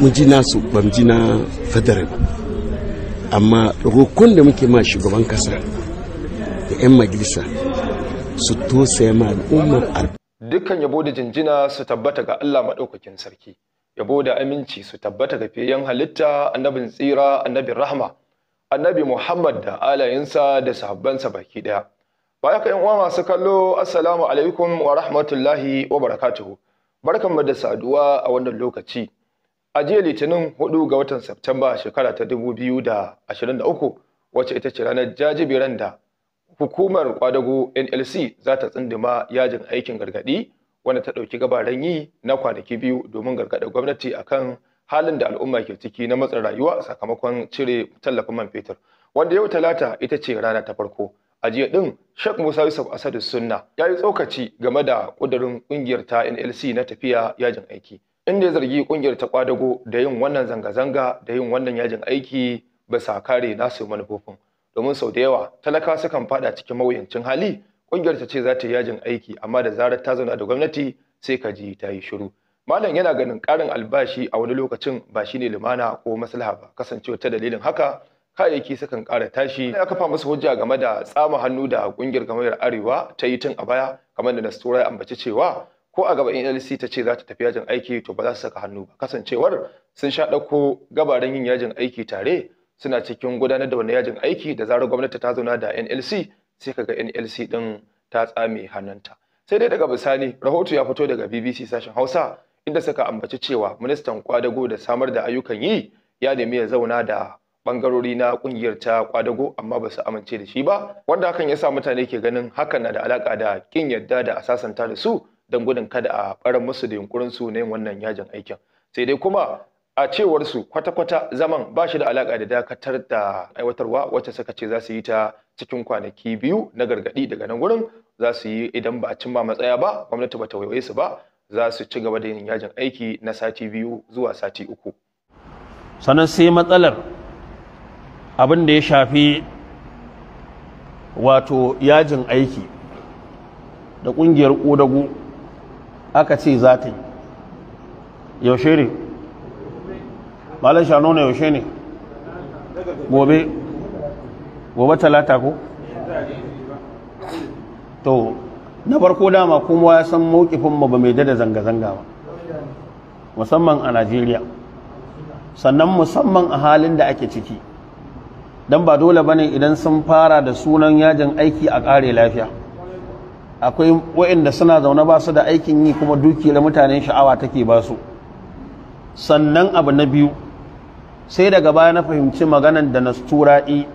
mu ji nasu ban ji na federal amma rokon da muke ma shugaban kasa da 'yan majalisa su tosaya ma al'ummar dukkan yabo da jinjina su tabbata ga Allah maɗaukakin sarki yabo da aminci su tabbata ga fiyen halitta annabin tsira annabin rahama annabi Muhammad da alayensa da sahabbansa baki daya baya ka yan uwa masu kallo assalamu alaikum wa rahmatullahi wa barakatuhu Barkanmu da saduwa a wannan lokaci. A jiya Litinin hudu ga watan Septemba shekara ta dubu biyu da da ashirin 2023 wacce ita ce ranar jajibiran da hukumar kwadago NLC za ta tsinduma yajin aikin gargadi wanda ta ɗauki gabaran yi na kwanaki biyu domin gargaɗa gwamnati akan halin da al'umma ke ciki na matsin rayuwa sakamakon cire tallafin man fetur. Wanda yau talata ita ce rana ta farko. a jiya din Sheikh Musa Yusuf Asadu Sunna ya yi tsokaci game da kudurin ƙungiyar ta NLC na tafiya yajin aiki inda ya zargi kungiyar ta kwadago da yin wannan zanga-zanga da yin wannan yajin aiki bisa kare nasu manufofin domin sau da yawa talaka sukan fada cikin mawuyancin hali kungiyar ta ce za ta yi yajin aiki amma da zarar ta zauna da gwamnati sai ka ji ta yi shiru malam yana ganin karin albashi a wani lokacin ba shi ne lumana ko maslaha ba kasancewa ta dalilin haka kayayyaki sukan ƙara tashi ya kafa musu hujja game da tsama hannu da kungiyar gamayyar arewa ta yi tun a baya kamar da nasturai ambaci cewa ko a gaba nlc ta ce za ta tafi yajin aiki to ba za su saka hannu ba kasancewar sun sha ɗauko gabaran yin yajin aiki tare suna cikin gudanar da wani yajin aiki da zarar gwamnati ta zauna da nlc sai kaga nlc din ta tsame hannunta sai dai daga bisani rahoto ya fito daga bbc sashen hausa inda suka ambaci cewa ministan kwadago da samar da ayyukan yi ya nemi ya zauna da bangarori na kungiyar ta kwadago amma ba su amince da shi ba wanda hakan yasa mutane ke ganin hakan na da alaka da kin yadda da asasanta da su don gudun kada a barar musu da yunkurin su na yin wannan yajin aikin sai dai kuma a cewar su kwata-kwata zaman ba shi da alaka da dakatar da aiwatarwa wacce suka ce za su yi ta cikin kwanaki biyu na gargadi daga nan gurin za su yi idan ba a cimma matsaya ba gwamnati ba ta waiwaye su ba za su ci gaba da yin yajin aiki na sati biyu zuwa sati uku sannan sai matsalar abin da ya shafi wato yajin aiki da ƙungiyar ƙodago aka ce za ta yi yaushe ne malar shano na yaushe ne gobe gobe talata ko to na farko dama kuma ya san mawukifinmu ba mai dada zanga-zanga ba musamman a najeriya sannan musamman a halin da ake ciki don ba dole ba ne idan sun fara da sunan yajin aiki a ƙare lafiya akwai waɗanda suna zaune ba su da aikin yi kuma dukiyar mutanen sha'awa take ba su sannan abu na biyu sai daga baya na fahimci maganan da nastura'i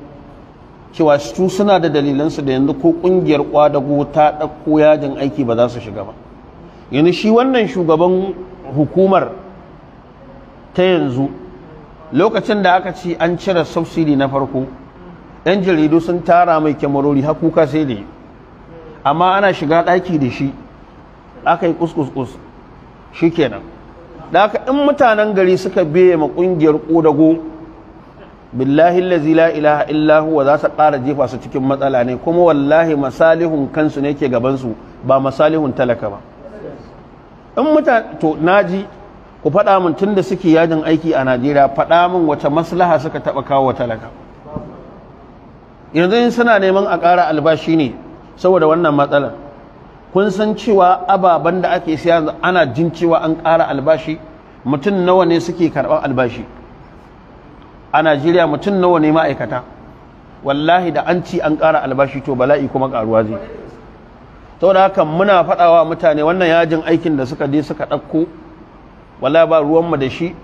cewa su suna da dalilansu da yanzu ko ƙungiyar ƙwadago ta ɗauko yajin aiki ba za su shiga ba yanzu shi wannan shugaban hukumar ta yanzu lokacin da aka ci an cire subsidi na farko yan jaridu sun tara mai kyamarori har kuka sai da amma ana shiga ɗaki da shi aka yi kuskus shi kenan da aka in mutanen gari suka biya ma ƙungiyar ƙodago billahi lazi la ilaha illahu za su ƙara jefa su cikin matsala ne kuma wallahi masalihun kansu ne ke gabansu ba masalihun talaka ba in mutane to naji ku faɗa min tun da suke yajin aiki a najeriya faɗa min wace maslaha suka taɓa kawo wa talaka yanzu in suna neman a ƙara albashi ne saboda wannan matsalar kun san cewa ababen da ake siya ana jin cewa an ƙara albashi mutum nawa ne suke karɓar albashi a najeriya mutum nawa ne ma'aikata wallahi da an ci an ƙara albashi to bala'i kuma ƙaruwa zai saboda haka muna faɗawa mutane wannan yajin aikin da suka je suka ɗauko wala ba ruwanmu da shi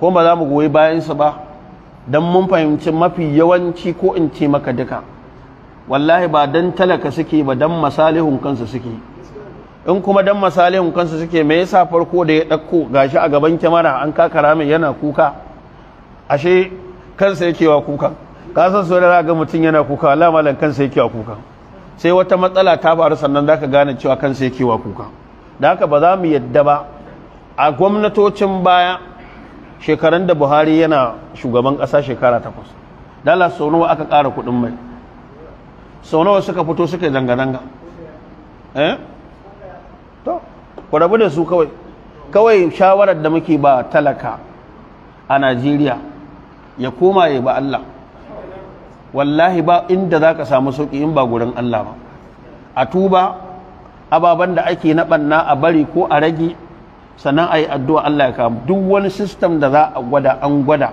ko ba za mu goyi bayansa ba don mun fahimci mafi yawanci ko in ce maka duka wallahi ba don talaka suke ba don masalihun kansu suke in kuma don masalihun kansu suke me yasa farko da ya ɗauko gashi a gaban kyamara an kakara mai yana kuka ashe kansa yake wa kuka ka san so da ga mutum yana kuka wala malam kansa yake wa kuka sai wata matsala ta faru sannan za ka gane cewa kansa yake wa kuka da haka ba za mu yadda ba a gwamnatocin baya shekaran da buhari yana shugaban ƙasa shekara takwas dala sau nawa aka ƙara kuɗin mai sau nawa suka fito suka yi zanga-zanga eh to ku da su kawai kawai shawarar da muke ba talaka a najeriya ya koma ya ba allah wallahi ba inda za ka samu sauƙi in ba gurin allah ba a tuba ababen da ake na ɓanna a bari ko a rage sannan a yi addu'a Allah ya kama duk wani sistem da za a gwada an gwada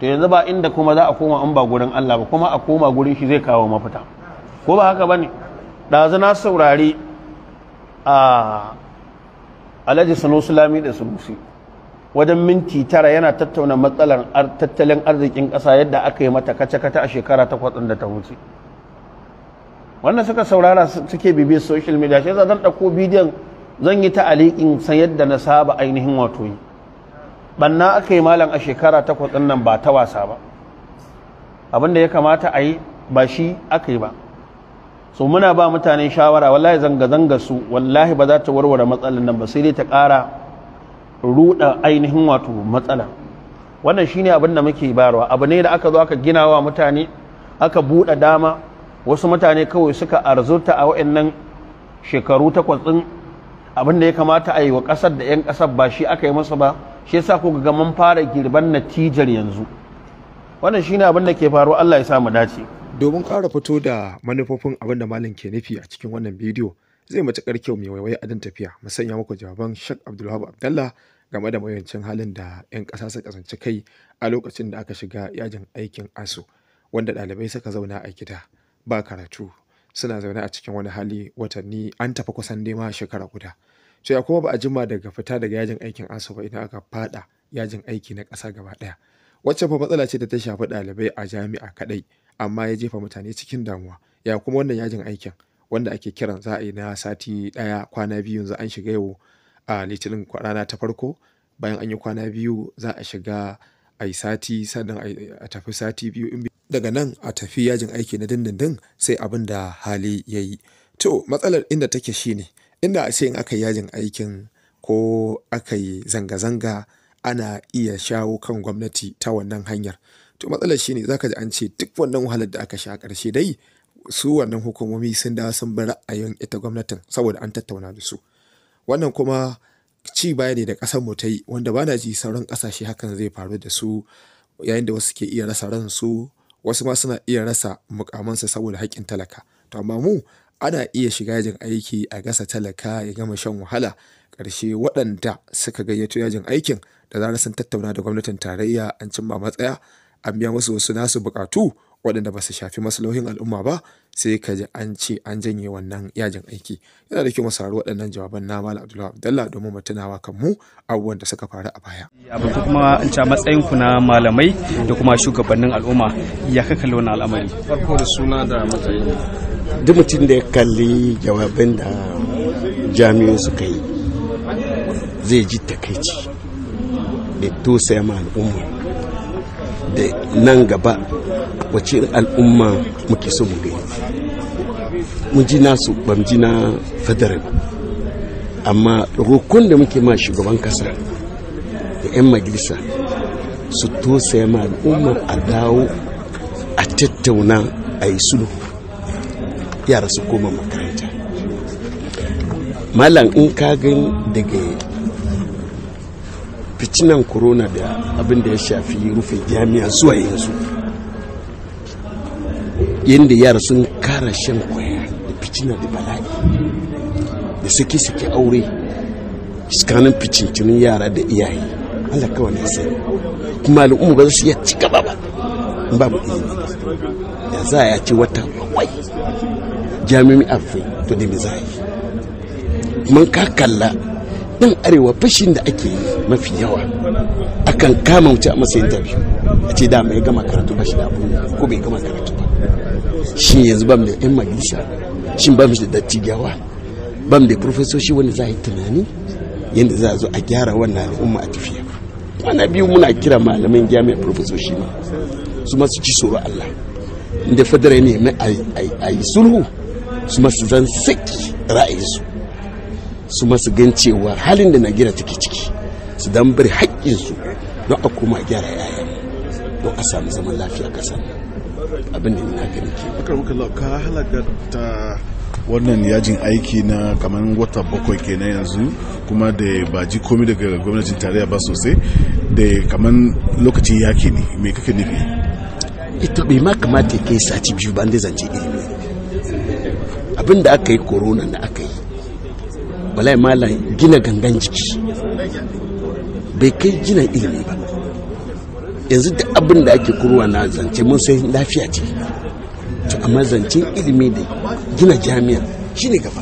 to yanzu ba inda kuma za a koma an ba gurin Allah ba kuma a koma gurin shi zai kawo mafita ko ba haka ba ne ɗazu na saurari a alhaji sanu sulami da sanusi wajen minti tara yana tattauna matsalar tattalin arzikin ƙasa yadda aka yi mata kace-kace a shekara ta takwas da ta wuce wannan suka saurara suke bibiyar social media shi zan ɗauko bidiyon zan yi ta ta'aliƙin san yadda na saba ainihin wato yi banna aka yi malam a shekara takwas ɗin nan ba ta wasa ba abinda ya kamata a yi ba shi aka yi ba so muna ba mutane shawara wallahi zanga-zanga su wallahi ba za ta warware matsalar nan ba sai dai ta ƙara ruɗa ainihin wato matsala wannan shine abin da muke barwa abu ne da aka zo aka gina wa mutane aka buɗe dama wasu mutane kawai suka arzuta a wa'annan shekaru takwas ɗin abin da ya kamata a yi wa ƙasar da 'yan ƙasar ba shi aka yi masa ba shi yasa ku ga mun fara girban natijar yanzu wannan shine abin da ke faru Allah ya mu dace domin kara fito da manufofin abin da malam ke nufi a cikin wannan bidiyo zai matuƙar kyau mai waiwaye adin tafiya mu sanya muku jawaban shak Abdulwahab Abdallah game da mayancin halin da 'yan ƙasa su kasance kai a lokacin da aka shiga yajin aikin asu wanda ɗalibai suka zauna a gida ba karatu suna zaune a cikin wani hali watanni an tafi kusan nema shekara guda sai kuma ba a jima daga fita daga yajin aikin asuba idan aka fada yajin aiki na ƙasa gaba ɗaya wacce fa matsala ce da ta shafi ɗalibai a jami'a kaɗai amma ya jefa mutane cikin damuwa ya kuma wannan yajin aikin wanda ake kiran za a yi na sati ɗaya kwana biyu yanzu an shiga yau a litinin rana ta farko bayan an yi kwana biyu za a shiga a yi sati sannan a tafi sati biyu daga nan a tafi yajin aiki na dindindin sai abin da hali ya yi to matsalar inda take shi ne, inda a ce in aka yajin aikin ko aka yi zanga-zanga ana iya shawo kan gwamnati ta wannan hanyar to matsalar shi shine zaka ji an ce duk wannan wahalar da aka sha karshe dai su wannan hukumomi sun da sun bi ra'ayin ita gwamnatin saboda an tattauna da su wannan kuma ci baya ne da ƙasar mu ta yi wanda ba na ji sauran ƙasashe hakan zai faru da su yayin da wasu ke iya rasa ransu wasu ma suna iya rasa mukamansa saboda haƙƙin talaka to amma mu ana iya shiga yajin aiki a gasa talaka ya gama shan wahala ƙarshe waɗanda suka gayyato yajin aikin da zarar sun tattauna da gwamnatin tarayya an cimma matsaya an biya musu wasu nasu buƙatu waɗanda ba su shafi maslahohin al'umma ba sai ka ji an ce an janye wannan yajin aiki yana da kyau masarar waɗannan jawaban na Malam Abdullahi abdullahi domin mu tunawa kan mu abubuwan da suka faru a baya abin kuma in a matsayin ku na malamai da kuma shugabannin al'umma ya ka kalli wannan al'amari farko da suna da matsayin duk mutum da ya kalli jawabin da jami'o suka yi zai ji takaici da tosaya ma al'umma da nan gaba wace al'umma muke so mu gani mun ji nasu ban ji na federal amma rokon da muke ma shugaban kasa da 'yan majalisa su tosaya ma al'ummar a dawo a tattauna a yi sulhu yara su koma makaranta malam in ka gani daga ficinan corona da abin da ya shafi rufe jami'a zuwa yanzu yadda yara sun kara shan kwaya da ficina da bala'i da suke suke aure tsakanin ficincinin yara da iyaye Allah kawai ya sani kuma al'umma ba za su iya ci gaba ba in babu ilimi ya za a ce wata bakwai jami'in afe to ne mai za a yi mun ka kalla nan arewa fashin da ake yi mafi yawa akan kama wuce a masa interview a ce dama ya gama karatu ba shi da abu ko bai gama karatu ba shi yanzu ba mu da yan majalisa shi ba mu da dattijawa ba mu da profesoshi wanda za a yi tunani yadda za a zo a gyara wannan al'umma a tafiya kwana biyu muna kira malaman jami'a profesoshi ma su masu ci tsoro Allah inda fadara ne mai a yi sulhu su masu zan saki ra'ayinsu su masu gan cewa halin da na take ciki su dan bari haƙƙinsu don a koma gyara yayan don a samu zaman lafiya ƙasa abin da ina gani ke ka halaka ta wannan yajin aiki na kamar wata bakwai kenan yanzu kuma da ba ji komi daga gwamnatin tarayya ba sosai da kamar lokacin yaki ne me kake nufi ita bai ma kamata kai sati biyu ba zance ilimi abin da aka yi korona da aka yi wallahi malam gina gangan jiki bai kai gina ilimi ba yanzu da abin da ake kurwa na zance mun sai lafiya ce to amma zancen ilimi da gina jami'a shine gaba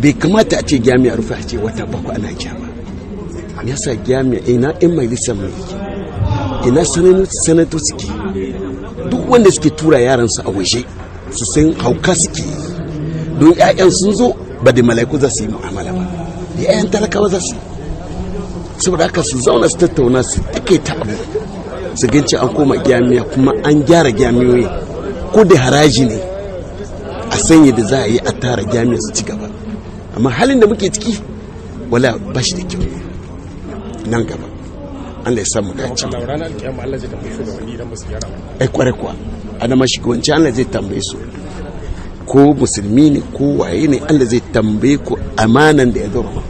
bai kamata a ce jami'a rufe a ce wata bakwai ana jami'a ya sa jami'a ina yan majalisar mai ina sanato suke duk wanda suke tura yaransu a waje su san hauka suke don 'ya'yan sun zo ba da mala'iku za su yi mu'amala ba da 'ya'yan talakawa za su saboda haka su zauna su tattauna su take ta abu su gince an koma gyamiya kuma an gyara gyamiyoyi ko da haraji ne a sanya da za a yi a tara gyamiya su ci gaba amma halin da muke ciki wala ba shi da kyau nan gaba an ya samu dace ai kware eh, kuwa adama shi wancan Allah zai tambaye su ko musulmi ne ko waye ne Allah zai tambaye ku amanan da ya zama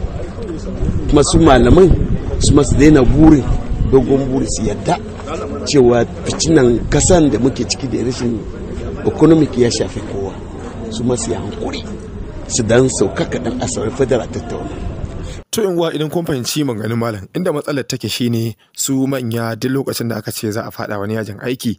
kuma su malaman su masu daina burin dogon buri su yadda cewa ficinan kasan da muke ciki da rashin economic ya shafi kowa su masu ya hankuri su dan sauka kaɗan a sauran tattauna to in idan kun fahimci maganin malam inda matsalar take shine su manya duk lokacin da aka ce za a faɗa wani yajin aiki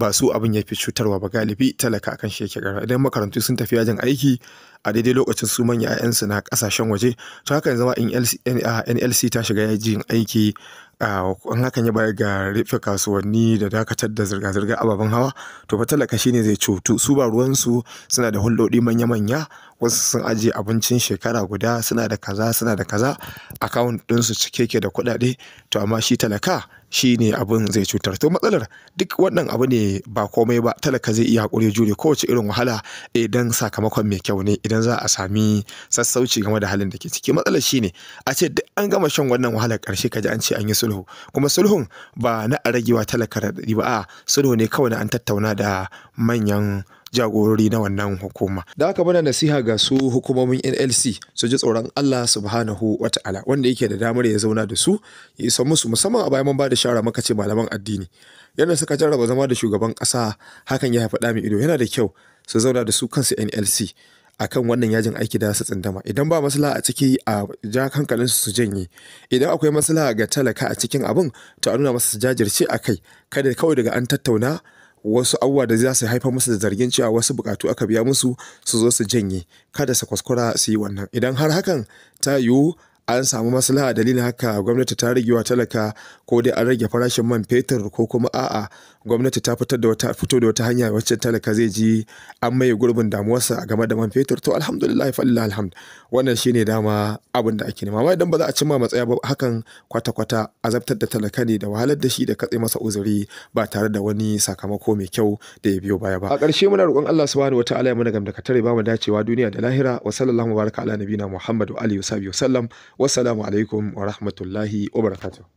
ba su abin ya fi cutarwa ba galibi talaka akan shi idan makarantu sun tafi yajin aiki a daidai lokacin su manya 'ya'yansu na kasashen waje to haka zama nlc ta shiga yajin aiki an hakan ya bayar ga rufe kasuwanni da dakatar da zirga-zirga ababen hawa to fa talaka shine zai cutu su ba ruwansu suna da hulɗoɗi manya-manya wasu sun ajiye abincin shekara guda suna da kaza suna da kaza akawun ɗinsu cike ke da kuɗaɗe to amma shi talaka shi ne abin zai cutar to matsalar duk wannan abu ne ba komai ba talaka zai iya hakuri jure kowace irin wahala idan sakamakon mai kyau ne idan za a sami sassauci game da halin da ke ciki matsalar shi ne a ce duk an gama shan wannan wahalar karshe kaji an ce an yi sulhu kuma sulhun ba na a ragewa talaka da ba a sulhu ne kawai na an tattauna da manyan jagorori na wannan hukuma da haka muna nasiha ga su hukumomin NLC su ji tsoron Allah subhanahu ta'ala wanda yake da damar ya zauna da su ya isa musu musamman a bayan mun ba da shawara ce malaman addini yadda suka jarraba zama da shugaban ƙasa hakan ya haifa min ido yana da kyau su zauna da su kansu NLC akan wannan yajin aiki da su tsindama idan ba maslaha a ciki a ja hankalin su janye idan akwai maslaha ga talaka a cikin abin to a nuna masa su jajirce a kai kada kawai daga an tattauna wasu abubuwa da za su haifar musu da zargin cewa wasu bukatu aka biya musu su zo su janye kada su kuskura su yi wannan idan har hakan ta yiwu an samu maslaha dalilin haka gwamnati ta rage wa talaka ko dai an rage farashin man fetur ko kuma a'a gwamnati ta fitar da wata fito da wata hanya wacce talaka zai ji an maye gurbin damuwarsa game da man fetur to alhamdulillah fa lillahi alhamd wannan shine dama abin da ake nema amma idan ba za a cimma matsaya ba hakan kwata kwata azabtar da talaka ne da wahalar da shi da katse masa uzuri ba tare da wani sakamako mai kyau da ya biyo baya ba a ƙarshe muna roƙon Allah subhanahu wataala ya muna gamda katare ba mu dacewa duniya da lahira wa sallallahu baraka ala nabina Muhammad wa alihi wa sallam wassalamu alaikum wa rahmatullahi wa barakatuh